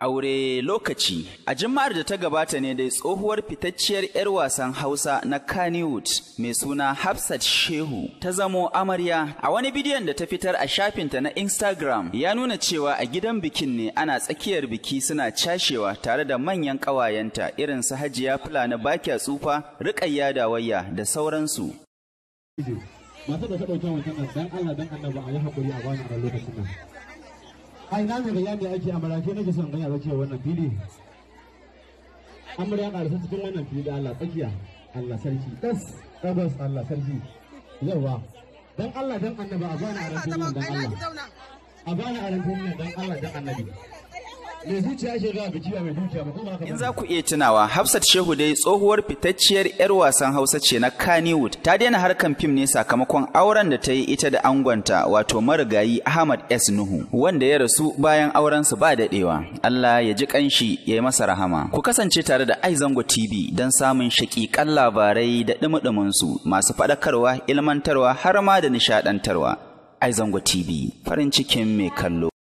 Aure lokaci A jima'ar da ta gabata ne dai tsohuwar fitacciyar 'yar wasan Hausa na Kannywood mai suna Hafsat Shehu ta zamo amarya a wani bidiyon da ta fitar a shafinta na Instagram ya nuna cewa a gidan bikin ne ana tsakiyar biki suna cashewa tare da manyan ƙawayenta irin su Hajiya fula na Bakiya Tsufa, da wayya, da sauransu. Masu da ta ɗauke Allah a yi haƙuri a lokacin nan. a ina mai bayani ake a marafi nake son ganya ba cewa wannan fili ga su cikin wannan fili Allah tsakiya Allah sarki das tabbas Allah sarki yawa dan Allah dan annabi a bani a rantun dan Allah a bani a rantun dan Allah dan annabi Eh, In za ku iya tunawa, Hafsat Shehu dai tsohuwar fitacciyar 'yar wasan Hausa ce na Kannywood. Ta daina harkan fim ne sakamakon auren da ta yi ita da angonta wato marigayi Ahmad S. Nuhu, wanda ya rasu bayan aurensu ba daɗewa. Allah ya ji ƙanshi ya yi masa rahama. Ku kasance tare da Aizango TV don samun shaƙiƙan labarai da ɗumuɗuminsu masu faɗakarwa, ilmantarwa har ma da nishaɗantarwa. Aizango TV, farin cikin mai kallo.